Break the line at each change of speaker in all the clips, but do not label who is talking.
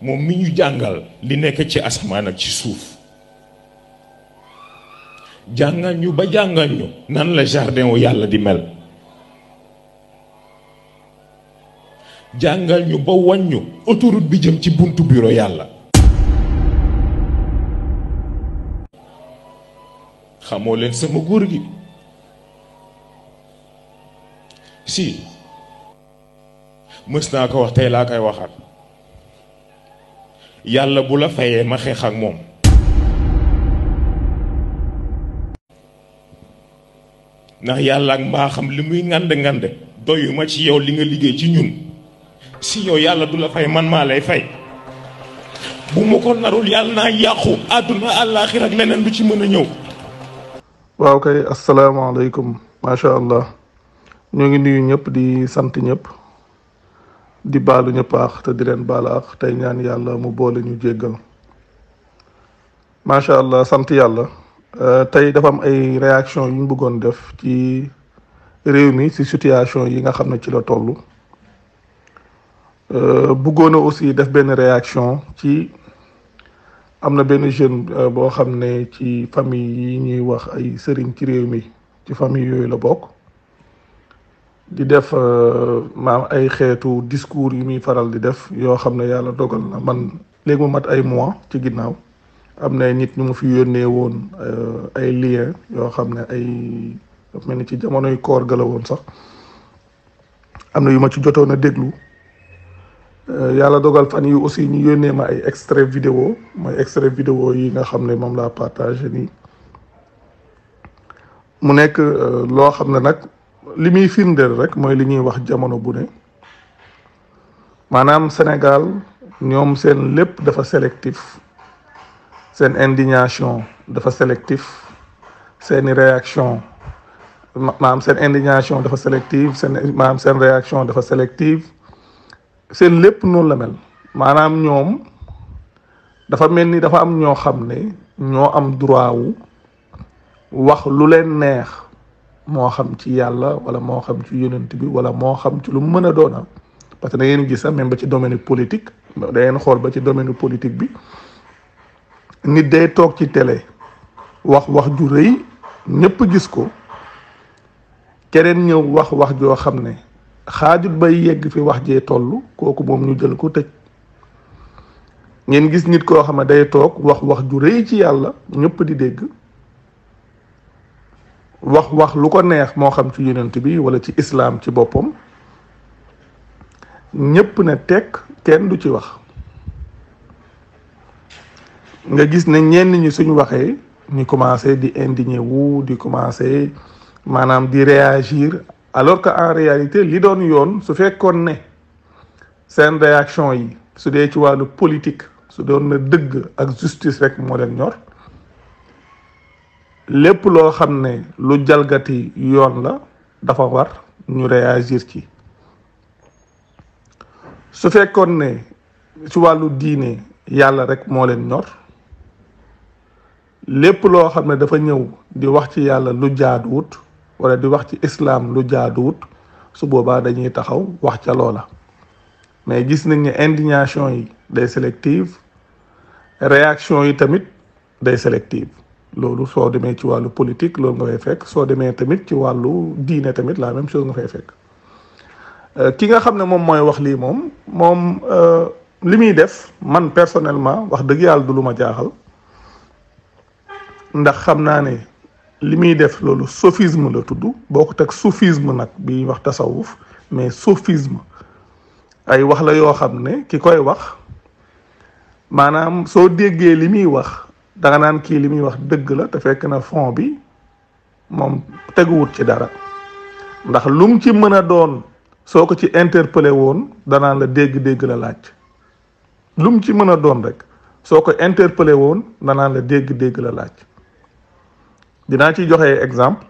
moom mi ñu jàngal li nekk ci asamaan ci suuf jàngal ñu ba jàngal ñu nan la jardin yàlla di mel jàngal ñu ba wàññu autoroute bi jëm ci buntu bureau yàlla xamoo leen sama góor gi si mës naa ko wax tey laa koy waxaat yàlla bu la fayee ma xeex moom ndax yàlla ak mbaaxam li muy ngand ngand doyuma ci yow li nga liggéey ci ñun si yow yàlla du la fay man maa lay fay bu ma ko narul yàlla naa yàqu àdduna àllaaxir ak leneen du ci mën a ñëw waaw kay asalaamaaleykum macha allah ñoo ngi nuyu ñëpp di sant ñëpp di baalu ñëpp aax te di leen baal aax tey ñaan yàlla mu boole ñu jéggal macha allah sant yàlla euh, tey dafa am ay réaction yu ñu bëggoon def ci réew mi ci situation yi nga xam ne ci la toll euh, bëggoon na aussi def benn réaction ci am na benn jeune euh, boo xam ne ci famille yi ñuy wax ay sëriñ ci réew mi ci famille yooyu la bokk di def euh, maam ay xeetu discours yu muy faral di def yoo xam ne yàlla dogal na man léegi mu mat ay mois ci ginnaaw am na nit ñu mu fi yónnee woon euh, ay lien yoo xam ne ay mel ni ci jamonoy koor ga woon sax am na yu ma ci jotoon a déglu euh, yàlla dogal fan yu aussi ñu yónnee ma ay extrait vidéo mooy extrait vidéo yi nga xam ne moom laa partagé nii mu nekk loo xam ne nag li muy firndeel rek mooy li ñuy wax jamono bu ne maanaam Sénégal ñoom seen lépp dafa sélectif seen indignation dafa sélectif seeni réaction maanaam seen indignation dafa sélective seen maanaam seen réaction dafa sélective seen lépp noonu la mel maanaam ñoom dafa mel ni dafa am ñoo xam ne ñoo am droit wu wax lu leen neex moo xam ci yàlla wala moo xam ci yonent bi wala moo xam ci lu mu mën a doona parce que da ngeen gis sax même ba ci domaine politique da ngeen xool ba ci domaine politique bi nit day toog ci télé wax wax ju rëy ñépp gis ko keneen ñëw wax wax joo xam ne xaajut bay yegg fi wax jee toll kooku moom ñu jël ko tëj ngeen gis nit koo xam ne day toog wax wax ju rëy ci yàlla ñëpp di dégg wax wax lu ko neex moo xam ci yonent bi wala ci islam ci boppam ñépp na tekk kenn du ci wax nga gis ne ñenn ñi suñu waxee ñu commencé di indigné wu di commencé maanaam di réagir alors que en réalité li doon yoon su fekkoon ne seen réaction yi su dee ci wàllu politique su doon na dëgg ak justice rek moo leen ñor lépp loo xam ne lu jalgati yoon la dafa war ñu réagir ci su fekkoon ne ci wàllu diine yàlla rek moo leen ñor lépp loo xam ne dafa ñëw di wax ci yàlla lu jaaduwut walla di wax ci islaam lu jaaduwut su boobaa dañuy taxaw wax ca loola mais gis nañ ne indignation yi day sélective réaction yi tamit day sélective loolu soo demee ci wàllu politique loolu nga fay fekk soo demee tamit ci wàllu diine tamit la même chose nga fay fekk ki nga xam ne moom mooy wax lii moom moom li muy def man personnellement wax dëgg yàlla du lu ma jaaxal ndax xam naa ne li muy def loolu sophisme la tudd boo ko teg sophisme nag bi wax tasawuf mais sophisme ay wax la yoo xam ne ki koy wax maanaam soo déggee li muy wax danga naan kii li muy wax dëgg la te fekk na fond bi moom teguwut ci dara ndax lum ci mën a doon soo ko ci interpellé woon danaan la dégg-dégg la laaj lum ci mën a doon rek soo ko interpellé woon danaan la dégg-dégg laaj dinaa ci joxe exemple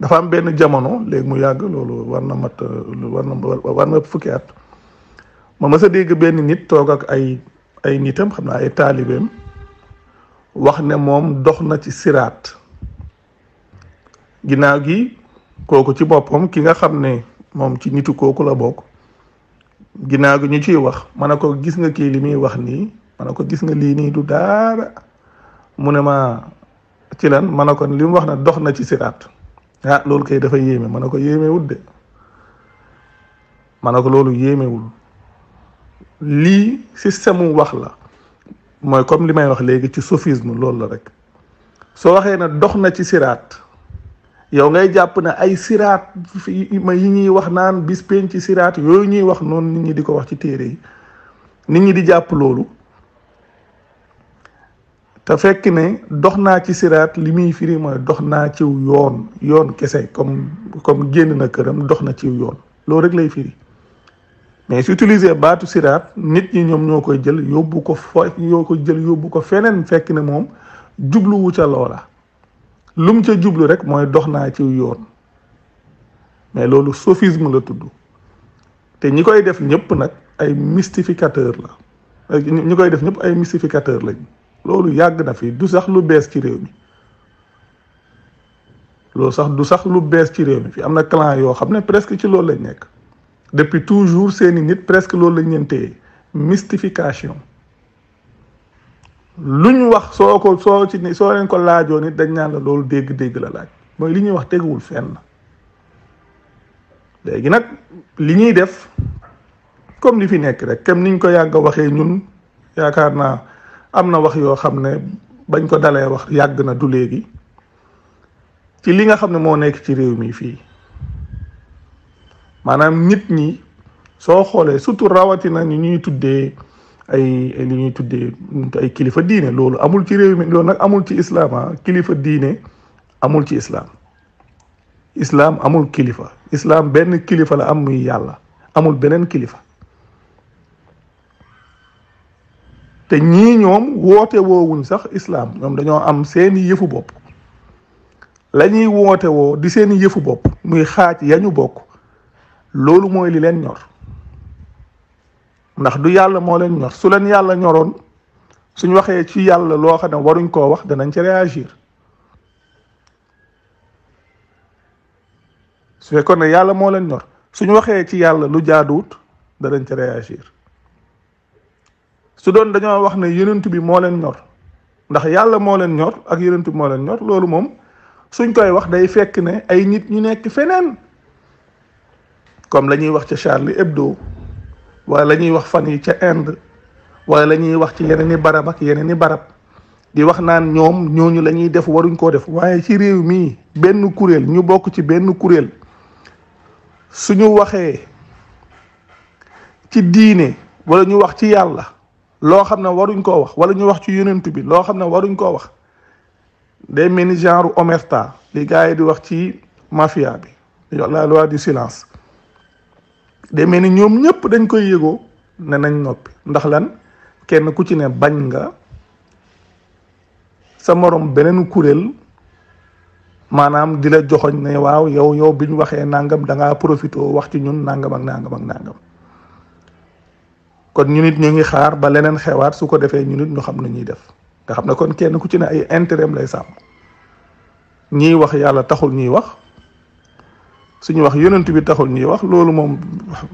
dafa am benn jamono léegi mu yàgg loolu war na mat war na war na fukki at ma mës a dégg benn nit toog ak ay ay nitam xam naa ay taalibeem wax ne moom dox na ci siraat ginnaaw gi kooku ci boppam ki nga xam ne moom ci nitu kooku la bokk ginnaaw gi ñu ciy wax ma ne ko gis nga kii li muy wax nii ma ne ko gis nga lii nii du daara mu ne ma ci lan ma ne ko li wax na dox na ci siraat ah loolu kay dafa yéeme man ne ko yéemewul de ma ne ko loolu yéemewul lii système mu wax la mooy comme li may wax léegi ci sophisme loolu la rek soo waxee ne dox na ci siraat yow ngay jàpp na ay siraat ma yi ñuy wax naan bis ci siraat yooyu ñuy wax noonu nit ñi di ko wax ci téere yi nit ñi di jàpp loolu te fekk ne dox naa ci siraat li muy firi mooy dox naa ciw yoon yoon kese comme comme génn na këram dox na ciw yoon loolu rek lay firi mais su utiliser baatu siraat nit ñi ñoom ñoo koy jël yóbbu ko fo ñoo ko jël yóbbu ko feneen fekk ne moom jubluwu ca loola lum ca jublu rek mooy dox naa ci yoon mais loolu sophisme la tudd te ñi koy def ñëpp nag ay mystificateur la ñi koy def ñëpp ay mystificateur lañ loolu yàgg na fii du sax lu bees ci réew mi loolu sax du sax lu bees ci réew mi fii am na clan yoo xam ne presque ci loolu lañ nekk depuis toujours seeni nit presque loolu lañ ñenté mystification luñ wax soko so soo ci so len ko laajoo nit dañ ñaan la loolu dégg-dégg la laaj moy li ñuy wax téggul fenn légui nak li ñuy def comme li fi nekk rek comme niñ ko yagg waxé ñun yaakaar amna wax yo xamné bañ ko dalé wax yagg na du légui ci li nga xamné mo moo nekk ci réew mi fi maanaam nit ñi soo xoolee surtout rawatina ñu ñuy tuddee ay li ñuy tuddee kilifa diine loolu amul ci réew mi nag amul ci islam ah kilifa diine amul ci islam islam amul kilifa islam benn kilifa la am muy yàlla amul beneen kilifa te ñii ñoom woote woowuñ sax islam ñoom dañoo am seeni yëfu bopp la woote woo di seeni yëfu bopp muy xaaj yañu bokk loolu mooy li leen ñor ndax du yàlla moo leen ñor su leen yàlla ñoroon suñ waxee ci yàlla loo xam ne waruñ koo wax danañ ci réagir su fekkoon ne yàlla moo leen ñor suñ waxee ci yàlla lu jaaduwut danañ ci réagir su doon dañoo wax ne yonent bi moo leen ñor ndax yàlla moo leen ñor ak yonent bi moo leen ñor loolu moom suñ koy wax day fekk ne ay nit ñu nekk feneen comme lañuy wax ca Charlie Hebdo wala la ñuy wax fan yi ca Inde wala lañuy wax ci yeneen i barab ak yeneen i barab di wax naan ñoom ñooñu lañuy ñuy def waruñ koo def waaye ci réew mii benn kuréel ñu bokk ci benn kuréel suñu waxee ci diine wala ñu wax ci yàlla loo xam ne waruñ koo wax wala ñu wax ci yonent bi loo xam ne waruñ koo wax day mel ni genre omerta li gars yi di wax ci mafia bi la loi du silence de mel ni ñoom nyop, dañ koy yego ne nañ nopi ndax lan kenn ku ci ne bañ nga sa morom benen kurel manam dila la ne waw yow yow biñ waxe nangam da nga profito wax ci ñun nangam ak nangam ak nangam kon ñu nit ngi xaar ba leneen xewaat su ko defee ñu ñu xam na def nga xam ne kon kenn ku ci ne ay intérêt lay sàmm ñiy wax yàlla taxul ñuy wax suñu wax yonent bi taxul ñuy wax loolu moom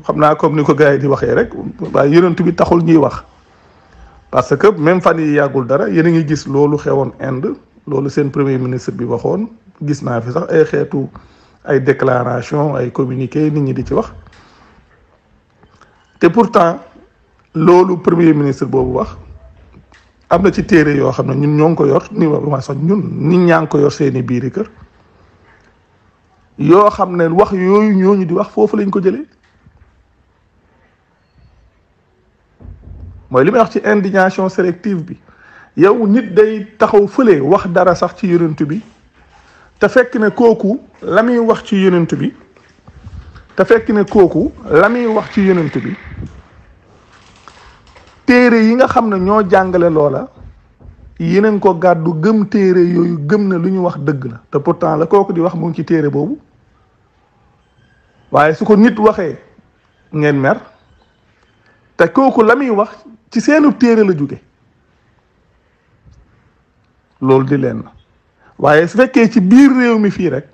xam naa comme ni ko gars yi di waxee rek waaye yonent bi taxul ñuy wax parce que même fan yi yàggul dara yéen a ngi gis loolu xewoon Inde loolu seen premier ministre bi waxoon gis naa fi sax ay xeetu ay déclaration ay communiqué nit ñi di ci wax te pourtant loolu premier ministre boobu wax am na ci téere yoo xam ne ñun ñoo ngi ko yor ni ma sax ñun nit ñaa ngi ko yor seeni biiri kër yoo xam ne wax yooyu ñooñu di wax foofu lañ ko jële mooy li may wax ci indignation sélective bi yow nit day taxaw fële wax dara sax ci yonent bi te fekk ne kooku la muy wax ci yonent bi te fekk ne kooku la muy wax ci yonent bi téere yi nga xam ne ñoo jàngale loola yeneen ko gàddu gëm téere yooyu gëm na lu ñu wax dëgg na te pourtant la kooku di wax moom ci téere boobu waaye su ko nit waxee ngeen mer te kooku la muy wax ci seenu téere la jóge loolu di leen na waaye su fekkee ci biir réew mi fii rek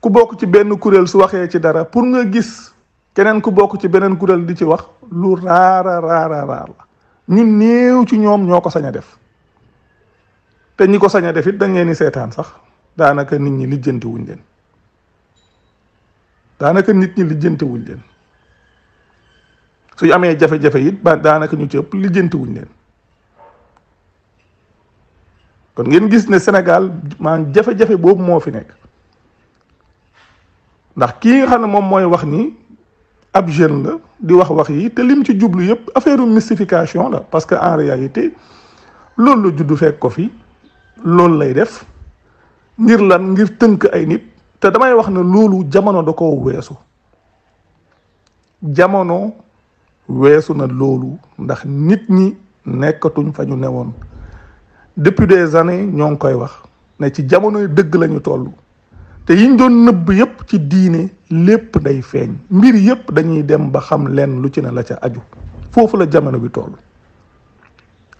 ku bokk ci benn kuréel su waxee ci dara pour nga gis keneen ku bokk ci beneen kuréel di ci wax lu raara raara raar la ñu néew ci ñoom ñoo ko sañ a def te ñi ko sañ a def it dangeen leen di seetaan sax daanaka nit ñi lijjanti wuñ leen daanaka nit ñi lijjantewuñ leen suñu amee jafe-jafe it ba daanaka ñu ci ëpp lijjantewuñ leen kon ngeen gis ne Sénégal maanaam jafe-jafe boobu moo fi nekk ndax kii xam ne moom mooy wax ni ab jeune la di wax wax yi te lim ci jublu yëpp affaire mystification la parce que en réalité loolu la juddu fekk ko fii loolu lay def ngir lan ngir tënk ay nit. te damay wax na loolu jamono da koo weesu jamono weesu na loolu ndax nit ñi nekkatuñ fa ñu newoon depuis des années ñoo ngi koy wax ne ci jamonoy dëgg lañu toll te yiñ doon nëbb yëpp ci diine lépp day feeñ mbir yëpp dañuy dem ba xam leen lu ci ne la ca aju foofu la jamono bi toll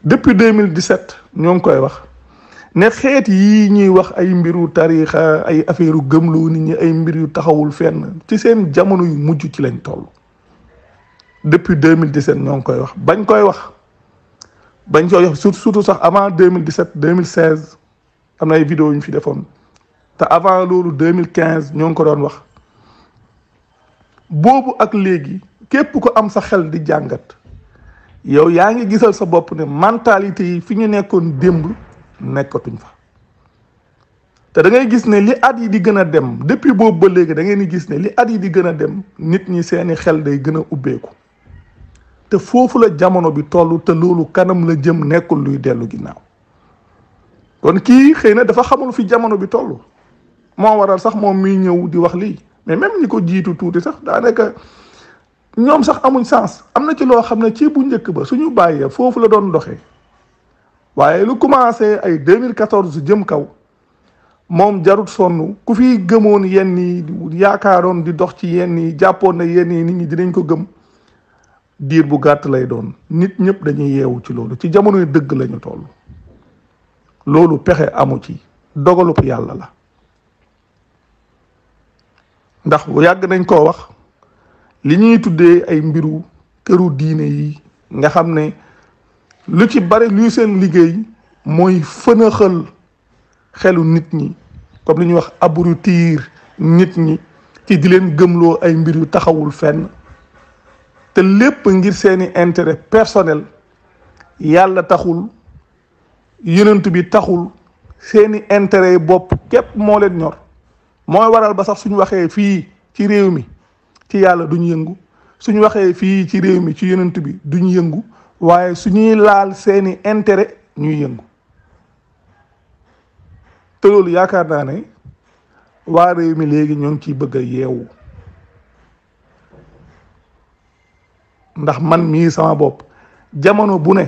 depuis 2017 ñoo ngi koy wax ne xeet yi ñuy wax ay mbiru tariixa ay affaire yu gëmloo nit ñi ay mbir yu taxawul fenn ci seen jamono yu mujj ci lañ toll depuis 2017 ñoo ngi koy wax bañ koy wax bañ koy wax surtout sax avant 2017 2016 am na ay vidéo yu ñu fi defoon te avant loolu 2015 ñoo ngi ko doon wax boobu ak léegi képp ko am sa xel di jàngat yow yaa ngi gisal sa bopp ne mentalité yi fi ñu nekkoon démb. nekkatuñ fa té da ngay gis né li at yi di gëna dem depuis bo ba légui da ngay ni gis né li at yi di gëna dem nit ñi seeni xel day gëna ubbé ko te fofu la jamono bi tollu té lolu kanam la jëm nekkul luy déllu ginnaaw kon ki xeyna dafa xamul fi jamono bi tollu mo waral sax mom mi ñëw di wax li mais même ñiko ko jiitu sax da naka ñom sax amuñ sens amna ci lo xamne ci bu njëkk ba suñu baye fofu la doon doxé waaye lu commencé ay 2014 jëm kaw moom jarut sonn ku fi gëmoon yenn yi yaakaaroon di dox ci yenn yi jàppoon na yenn yi nit ñi dinañ ko gëm diir bu gàtt lay doon nit ñëpp dañuy yeewu ci loolu ci jamonoy dëgg lañu tool loolu pexe amu ci dogalub yàlla la ndax yàgg nañ koo wax li ñuy tuddee ay mbiru këru diine yi nga xam ne lu ci bari luy seen liggéey mooy fënaxal xelu nit ñi comme li ñuy wax abrutir nit ñi ci di leen gëmloo ay mbir yu taxawul fenn te lépp ngir seeni intérêt personnel yàlla taxul yonent bi taxul seeni intérêt yi bopp képp moo leen ñor mooy waral ba sax suñu waxee fii ci réew mi ci yàlla duñu yëngu suñu waxee fii ci réew mi ci yonent bi duñu yëngu waaye su ñuy laal seeni intérêt ñuy yëngu te yaakaar naa ne waa réew mi léegi ñoo ngi ciy bëgg a yeewu ndax man mii sama bopp jamono bu ne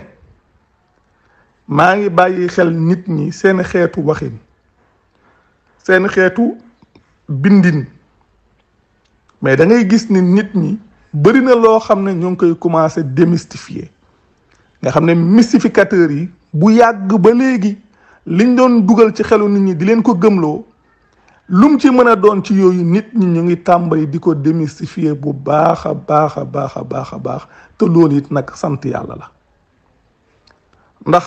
maa ngi bàyyi xel nit ñi seen xeetu waxin seen xeetu bindin mais da ngay gis ni nit ñi bëri na loo xam ne ñoo ngi koy commencé démystifier nga xam ne mystificateurs yi bu yàgg ba léegi liñ doon dugal ci xelu nit ñi di leen ko gëmloo lum ci mën a doon ci yooyu nit ñi ñu ngi tàmbali di ko démystifier bu baax a baax a baax a baax a baax te loolu it nag sant yàlla la ndax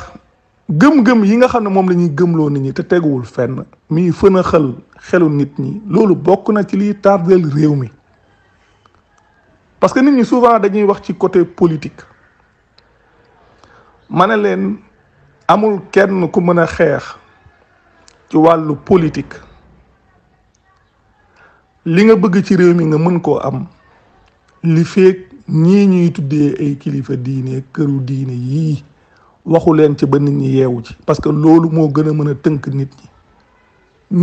gëm-gëm yi nga xam ne moom lañuy ñuy gëmloo nit ñi te teguwul fenn muy fën xel xelu nit ñi loolu bokk na ci liy tardeel réew mi parce que nit ñi souvent dañuy wax ci côté politique ma ne leen amul kenn ku mën a xeex ci wàllu politik li nga bëgg ci réew mi nga mën koo am li feek ñii ñuy tuddee ay kilifa diine këru diine yii waxu leen ci ba nit ñi yeewu ci parce que loolu moo gën a mën a tënk nit ñi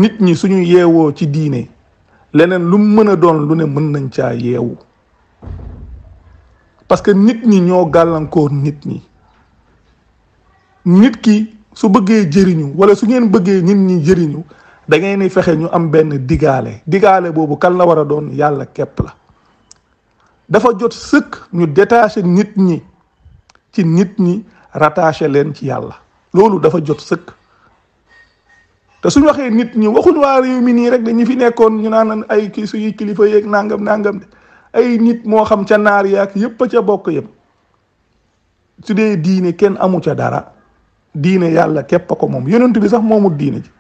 nit ñi suñu yeewoo ci diine leneen lu mën a doon lu ne mën nañ caa yeewu parce que nit ñi ñoo gàllankoor nit ñi nit ki su bëggee jëriñu wala su ngeen bëggee nit ñi jëriñu da ngeen fexe ñu am benn digaale digaale boobu kan la war a doon yàlla képp la dafa jot sëkk ñu détaché nit ñi ci nit ñi rattaché leen ci yàlla loolu dafa jot sëkk te suñ waxee nit ñi waxuñ waa réew mi nii rek dañu fi nekkoon ñu naan ay kii suñuy kilifa yeeg nàngam nàngam de ay nit moo xam ca naar yaak yépp a ca bokk yem su dee diine kenn amu ca dara diine yàlla képp a ko moom yonent bi sax moomul diine ji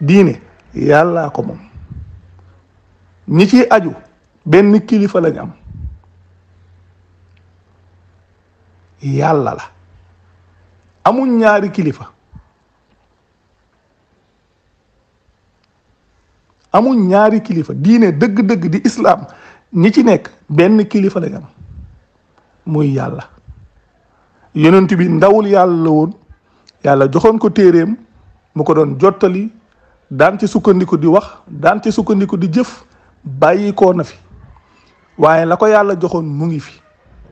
diine yàllaa ko moom ñi ci aju benn kilifa lañ am yàlla la amuñ ñaari kilifa ñaari kilifa diine dëgg-dëgg di islaam ñi ci nekk benn kilifa lañ am muy yàlla yonent bi ndawul yàlla la woon yàlla joxoon ko téeréem mu ko doon jottali daan ci sukkandiku di wax daan ci sukkandiku di jëf bàyyi na fi waaye la ko yàlla joxoon mu ngi fi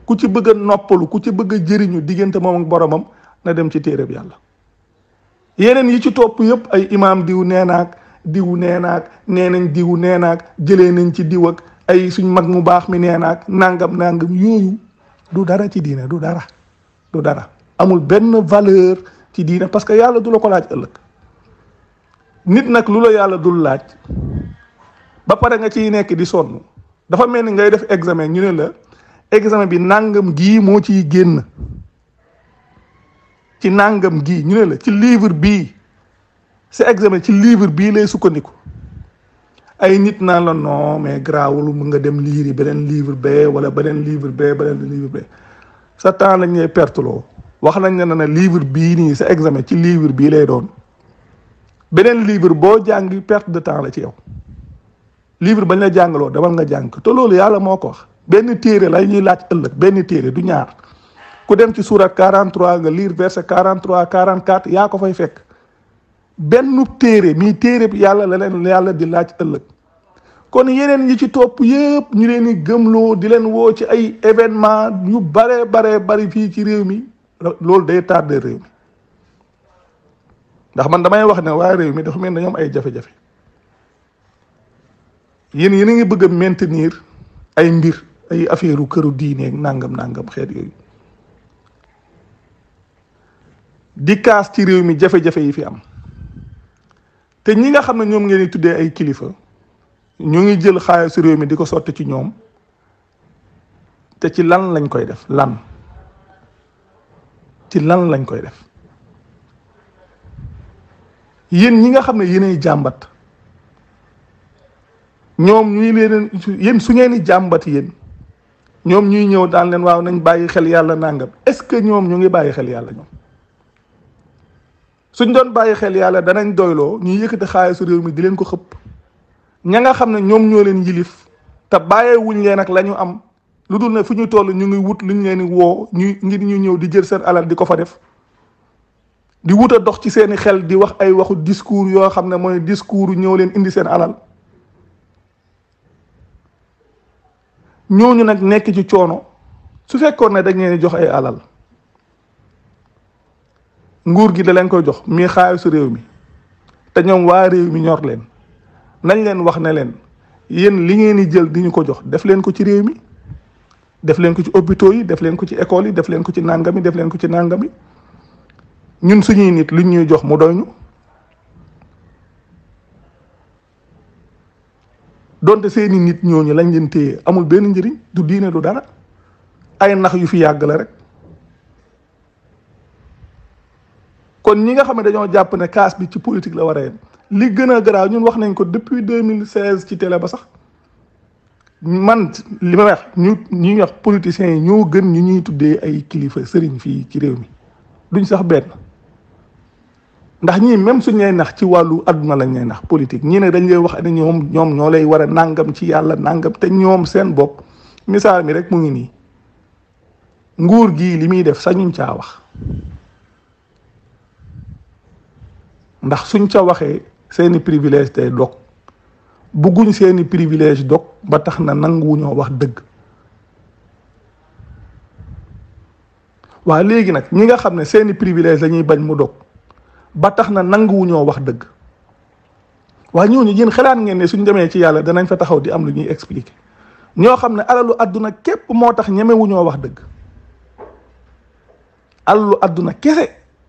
ku ci bëgg noppalu ku ci bëgg jëriñu diggante moom ak boromam na dem ci téeréb yàlla yeneen yi ci topp yëpp ay imaam diw nee naag diw nee naag nee nañ diw nee naag jëlee nañ ci diw ak ay suñ mag mu baax mi nee naag nangam nangam yooyu du dara ci diine du dara dara amul benn valeur ci diina parce que yàlla du la ko laaj ëllëg nit nag lu la yàlla dul laaj ba pare nga ciy nekk di sonn dafa mel ni ngay def examen ñu ne la examen bi nangam gii moo ciy génn ci nangam gii ñu ne la ci livre bii sa examen ci livre bii lay sukkandiku ay nit naan la non mais garaawul mu nga dem liiri beneen livre bee wala beneen livre bee beneen livre bee sa temps lañ lay perteloo wax nañ ne ne livre bii nii sa examen ci livre bii lay doon beneen livre boo jàng perte de temps la ci yow livre bañ la jàngaloo demal nga jàng te loolu yàlla moo ko wax benn téere la ñuy laaj ëllëg benn téere du ñaar ku dem ci surat 43 nga lire verset 43 44 yaa ko fay fekk benn téere mii téere bi yàlla la leen yàlla di laaj ëllëg kon yeneen yi ci topp yëpp ñu leen gëm gëmloo di leen woo ci ay événement yu bare bare bari fii ci réew mi loolu day tardé réew mi ndax man damay wax ne waa réew mi dafa mel ay jafe yéen yéen a ngi bëgg a ay mbir ay affaire u këru diineeg nangam nangam xeet yooyu di kaas ci réew mi jafe-jafe yi fi am te ñi nga xam ne ñoom ngeen tuddee ay kilifa. ñu ngi jël xaalisu réew mi di ko sotti ci ñoom te ci lan lañ koy def lan ci lan lañ koy def yéen ñi nga xam ne yéenay jàmbat ñoom ñuy leen yéen su ngeen di jàmbat yéen ñoom ñuy ñëw daan leen waaw nañ bàyyi xel yàlla nangam est-ce que ñoom ñu ngi bàyyi xel yàlla ñoom suñ doon bàyyi xel yàlla danañ doyloo ñuy yëkkati xaalisu réew mi di leen ko xëpp. ña nga xam ne ñoom ñoo leen yilif te bàyyee wuñ leen ak la am lu dul ne fu ñu toll ñu ngi wut lu ñu leen woo ñu ngir ñu ñëw di jël seen alal di ko fa def di wut a dox ci seeni xel di wax ay waxu discours yoo xam ne mooy discours ñëw leen indi seen alal ñooñu nag nekk ci coono su fekkoon ne dañ leen jox ay alal nguur gi da leen koy jox mii xaalisu réew mi te ñoom waa réew mi ñor leen nañ leen wax ne leen yéen li ngeen di jël di ñu ko jox def leen ko ci réew mi def leen ko ci hôpitaux yi def leen ko ci école yi def leen ko ci nangami def leen ko ci nangami ñun suñuy nit luñ ñuy jox mu doy ñu donte seeni nit ñooñu lañ leen téye amul benn njëriñ du diine du dara ay nax yu fi yàgg la rek kon ñi nga xam ne dañoo jàpp ne kaas bi ci politique la war a yem li gën a garaaw ñun wax nañ ko depuis 2016 ci télé ba sax man li ma wax ñu ñuy wax politiciens yi ñoo gën ñu ñuy tuddee ay kilifa sëriñ fii ci réew mi duñ sax benn ndax ñii même suñ lay nax ci wàllu àdduna lañ lay nax politique ñii ne dañ lay wax ne ñoom ñoom ñoo lay war a nàngam ci yàlla nàngam te ñoom seen bopp misaal mi rek mu ngi nii nguur gii li muy def sax sañuñ caa wax ndax suñ ca waxee seeni privilège tey dog bugguñ seeni privilège dog ba tax na nanguwuñoo wax dëgg waa léegi nag ñi nga xam ne seeni privilège lañuy bañ mu dog ba tax na nanguwuñoo wax dëgg waa ñooñu yéen xalaat ngeen ne suñ demee ci yàlla danañ fa taxaw di am lu ñuy expliquer ñoo xam ne alalu àdduna képp moo tax ñemewuñoo wax dëgg alalu àdduna kese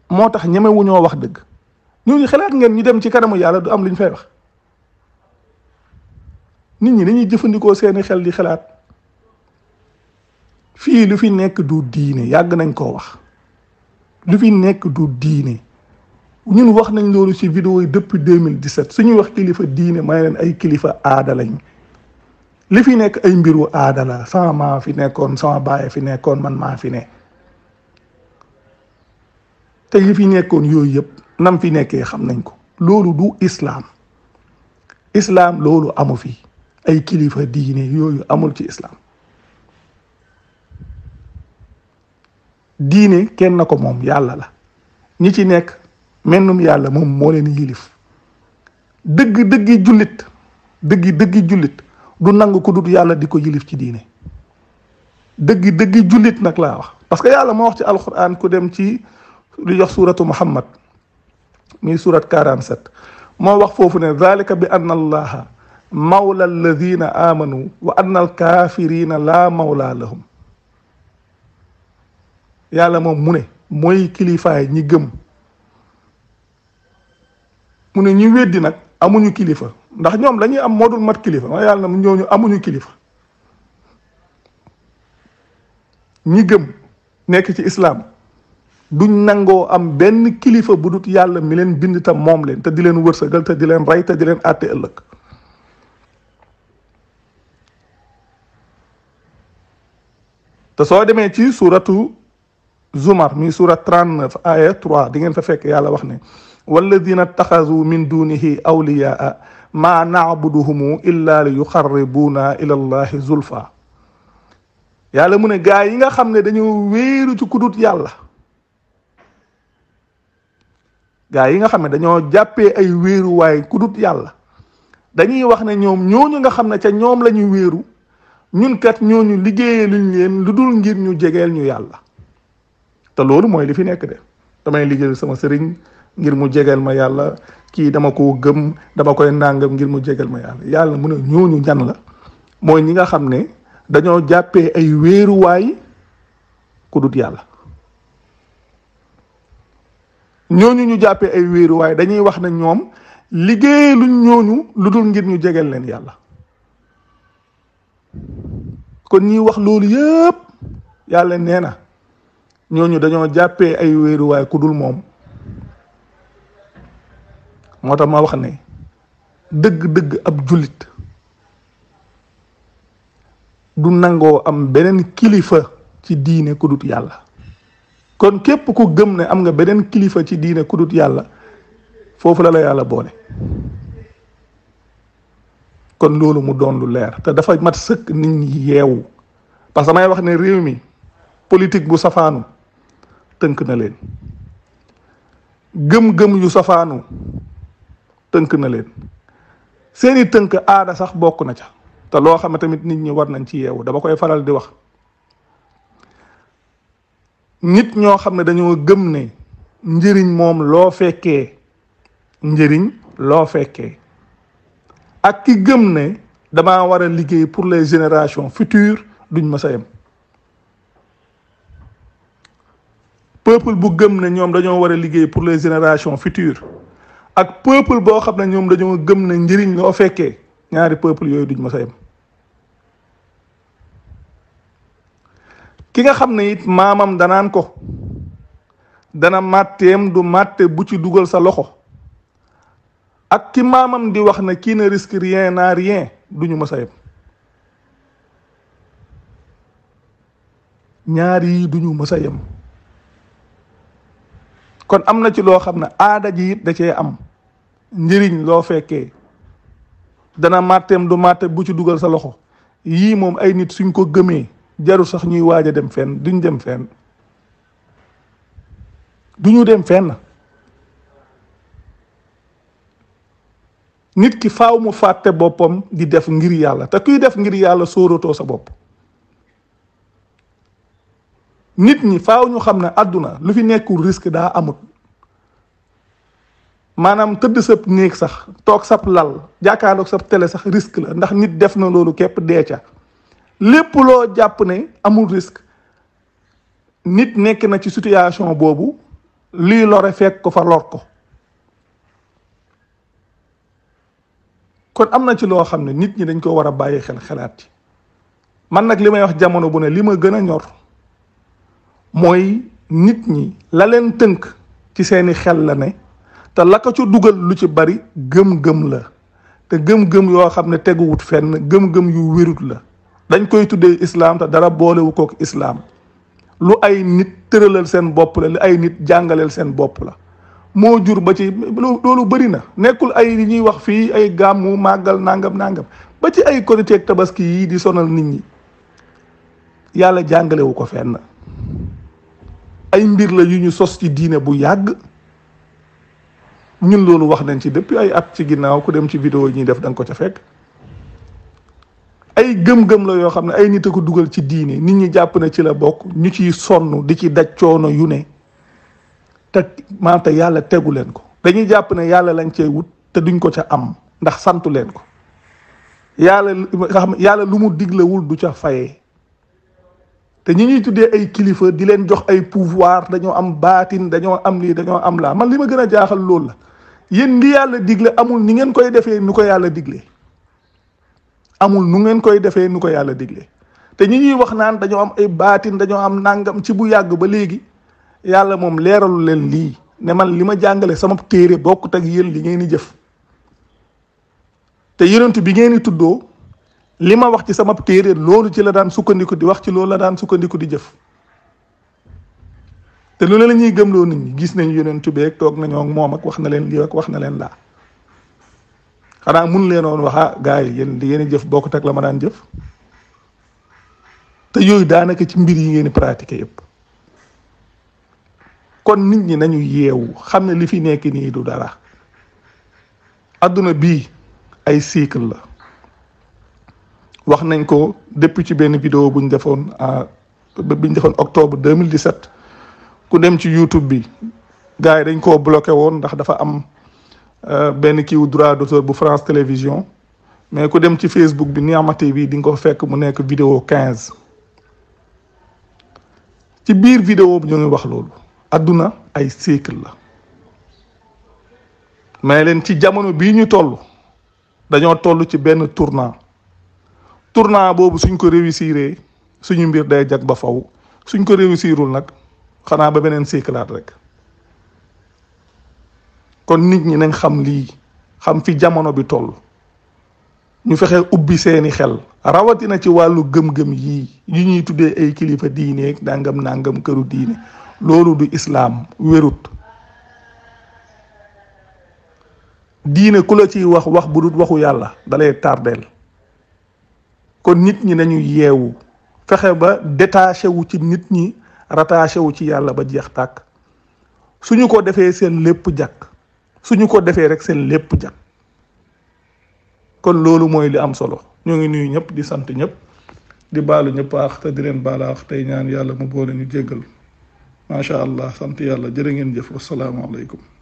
moo tax ñemewuñoo wax dëgg ñooñu xalaat ngeen ñu dem ci kanamu yàlla du am luñ fay wax nit ñi nañuy jëfandikoo seeni xel di xalaat fii lu fi nekk du diine yàgg nañ koo wax lu fi nekk du diine ñun wax nañ loolu ci vidéo yi depuis 2017 suñu wax kilifa diine may leen ay kilifa aada lañ li fi nekk ay mbiru aada la sama maa fi nekkoon sama baay fi nekkoon man maa fi ne te li fi nekkoon yooyu yëpp. nam fi nekkee xam nañ ko loolu du islaam islaam loolu amu fi ay kilifa diine yooyu amul ci islaam diine kenn ko moom yàlla la ñi ci nekk mennum yàlla moom moo leen yilif dëgg dëggi jullit dëggi dëggi jullit du nangu ku dut yàlla di ko yilif ci diine dëggi dëggi jullit nag laa wax parce que yàlla moo wax ci alquran ku dem ci lu jox suuratu muhammad من سورة 47 ما وقف فوفنا ذلك بأن الله مولى الذين آمنوا وأن الكافرين لا مولى لهم يا لما مني موي كليفة نيجم مني نيويد دينك أمو نيو كليفة ndax ñom lañuy am modul mat kilifa ma yalla ñoo ñu amuñu kilifa ñi gem nek ci islam duñ nangoo am benn kilifa bu dut yàlla mi leen bind te moom leen te di leen wërsëgal te di leen rey te di leen àtte ëllëg te soo demee ci suratu zumar mi surat 39 aya 3 di ngeen fa fekk yàlla wax ne والذين اتخذوا من دونه أولياء ما نعبدهم إلا ليقربونا إلى الله زلفى يا لمن جاي nga xamne dañu wéru ci kudut yalla gaay yi nga xamne dañoo jappé ay way ku dut yalla dañuy wax ne ñoom ñooñu nga xamne ca ñoom lañu ñu ñun kat ñooñu liggéey luñ leen luddul ngir ñu jegeel ñu yalla té loolu moy li fi nekk dé damay liggéey sama sëriñ ngir mu jegeel ma yalla ki dama ko gëm dama koy nangam ngir mu jegeel ma yalla yalla mëna ne ñooñu ñan la moy ñi nga xamne dañoo jappé ay way ku dut yalla ñooñu ñu jàppee ay wéeruwaay dañuy wax ne ñoom liggéey luñ ñooñu lu dul ngir ñu jegeel leen yàlla kon ñiy wax loolu yëpp yàlla nee na ñooñu dañoo jàppee ay wéeruwaay ku dul moom moo tax ma wax ne dëgg-dëgg ab jullit du nangoo am beneen kilifa ci diine ku dut yàlla kon képp ku gëm ne am nga beneen kilifa ci diine ku yàlla foofu la la yàlla boole kon loolu mu doon lu leer te dafa mat sëkk nit ñi yeewu parce que may wax ne réew mi politique bu safaanu tënk na leen gëm-gëm yu safaanu tënk na leen seeni tënk aada sax bokk na ca te loo xam tamit nit ñi war nañ ci yeewu dama koy faral di wax nit ñoo xam ne dañoo gëm ne njëriñ moom loo fekkee njëriñ loo fekkee ak ki gëm ne damaa war a liggéey pour les générations futures duñ ma sa yem peuple bu gëm ne ñoom dañoo war a liggéey pour les générations futures ak peuple boo xam ne ñoom dañoo gëm ne njëriñ loo fekkee ñaari peuple yooyu duñ ma sa yem ki nga xamne mamam mamam danam nan ko dana matem du màtte bu ci dugal sa loxo ak ki mamam di wax ne ki ne risque rien na rien duñu ma sayep ñaar yi duñu ma sayem kon amna ci lo xamne aada ji da ci am njëriñ lo fekke dana matem du màtte bu ci dugal sa loxo yi mom ay nit suñ ko gëmee jaru sax ñuy waaja dem fenn duñ dem fenn duñu dem fenn nit ki faaw mu fàtte bopam di def ngir yalla ta kuy def ngir yalla soroto sa bop nit ñi faaw ñu xam aduna lu fi nekkul risque da amut Manam teud sa néeg sax tok sab lal jàkkaarloog sab tele sax risque la ndax nit def na lolu kep deca lépp loo jàpp ne amul risque nit nekk na ci situation boobu lii lore fekk ko fa lor ko kon am na ci loo xam ne nit ñi dañ ko war a bàyyi xel xalaat yi man nag li may wax jamono bu ne li ma gën a ñor mooy nit ñi la leen tënk ci seeni xel la ne te la ko ca dugal lu ci bari gëm-gëm la te gëm-gëm yoo xam ne teguwut fenn gëm-gëm yu wérut la dañ koy tuddee islaam te dara boolewu kook islaam lu ay nit tëralal seen bopp la lu ay nit jàngaleel seen bopp la moo jur ba ci loolu bëri na nekkul ay li ñuy wax fii ay gàmmu màggal nangam nangam ba ci ay korite ak tabaski yii di sonal nit ñi yàlla jàngalewu ko fenn ay mbir la yu ñu sos ci diine bu yàgg ñun loolu wax nañ ci depuis ay at ci ginnaaw ku dem ci video yi ñuy def da ko ca fekk ay gëm-gëm la yoo xam ne ay nit a ko dugal ci diine nit ñi jàpp na ci la bokk ñu ciy sonn di ci daj coono yu ne te maanaam yàlla tegu leen ko dañuy jàpp na yàlla lañ cee te duñ ko ca am ndax santu leen ko yàlla lu mu diglewul du ca fayee te ñu ñuy tuddee ay kilifa di leen jox ay pouvoir dañoo am baatin dañoo am lii dañoo am laa man li ma gën a jaaxal loolu la yéen li yàlla digle amul ni ngeen koy defee nu ko yàlla digle amul nu ngeen koy defee nu ko yàlla digle te ñu ñuy wax naan dañoo am ay baatin dañoo am nangam ci bu yàgg ba léegi yàlla moom leeralu leen lii ne man li ma jàngale sama téere bokkut ak yéen li ngeen di jëf te yonent bi ngeen di tuddoo li ma wax ci sama téere loolu ci la daan sukkandiku di wax ci loolu la daan sukkandiku di jëf te loolu la ñuy gëmloo nit ñi gis nañu yonent bi rek toog nañoo moom ak wax na leen lii ak wax na leen laa xanaa mun leen woon waxa ah, gars yi yéen li ngeen jëf bokkut ak la ma daan jëf te yooyu daanaka ci mbir yi ngeen di pratiquer yëpp kon nit ñi nañu yeewu xam ne li fi nekk nii du dara adduna bi ay cycle la wax nañ ko depuis ci benn vidéo buñ defoon ah, biñ defoon octobre 2017 ku nem ci YouTube bi gars yi dañ ko bloqué woon ndax dafa am. Euh, benn kiiw droit d'auteur bu France Télévision mais ku dem ci Facebook bi Nihama TV di nga ko fekk mu nekk vidéo quinze ci biir vidéo bi ñu wax loolu àdduna ay cycle la mais leen ci jamono bii ñu toll dañoo toll ci benn tournant tournant boobu suñ ko réussiree suñu mbir day jag ba faw suñ ko réussirul nag xanaa ba beneen cyclaat rek kon nit ñi nañ xam lii xam fi jamono bi toll ñu fexe ubbi seeni xel rawatina ci wàllu gëm-gëm yii yu ñuy tuddee ay kilifa diineeg nangam nangam këru diine loolu du islaam wérut diine ku la ciy wax wax bu dut waxu yàlla dalay tardeel kon nit ñi nañu yeewu fexe ba détaché wu ci nit ñi rattaché wu ci yàlla ba jeex tàkk suñu ko defee seen lépp jàkk su ñu ko defee rek seen lépp jag kon loolu mooy li am solo ñoo ngi nuyu ñëpp di sant ñëpp di baalu ñëpp aax te di leen baalaax tey ñaan yàlla mu boole ñu jéggal macha allah sant yàlla jërë ngeen jëf wasalaamaaleykum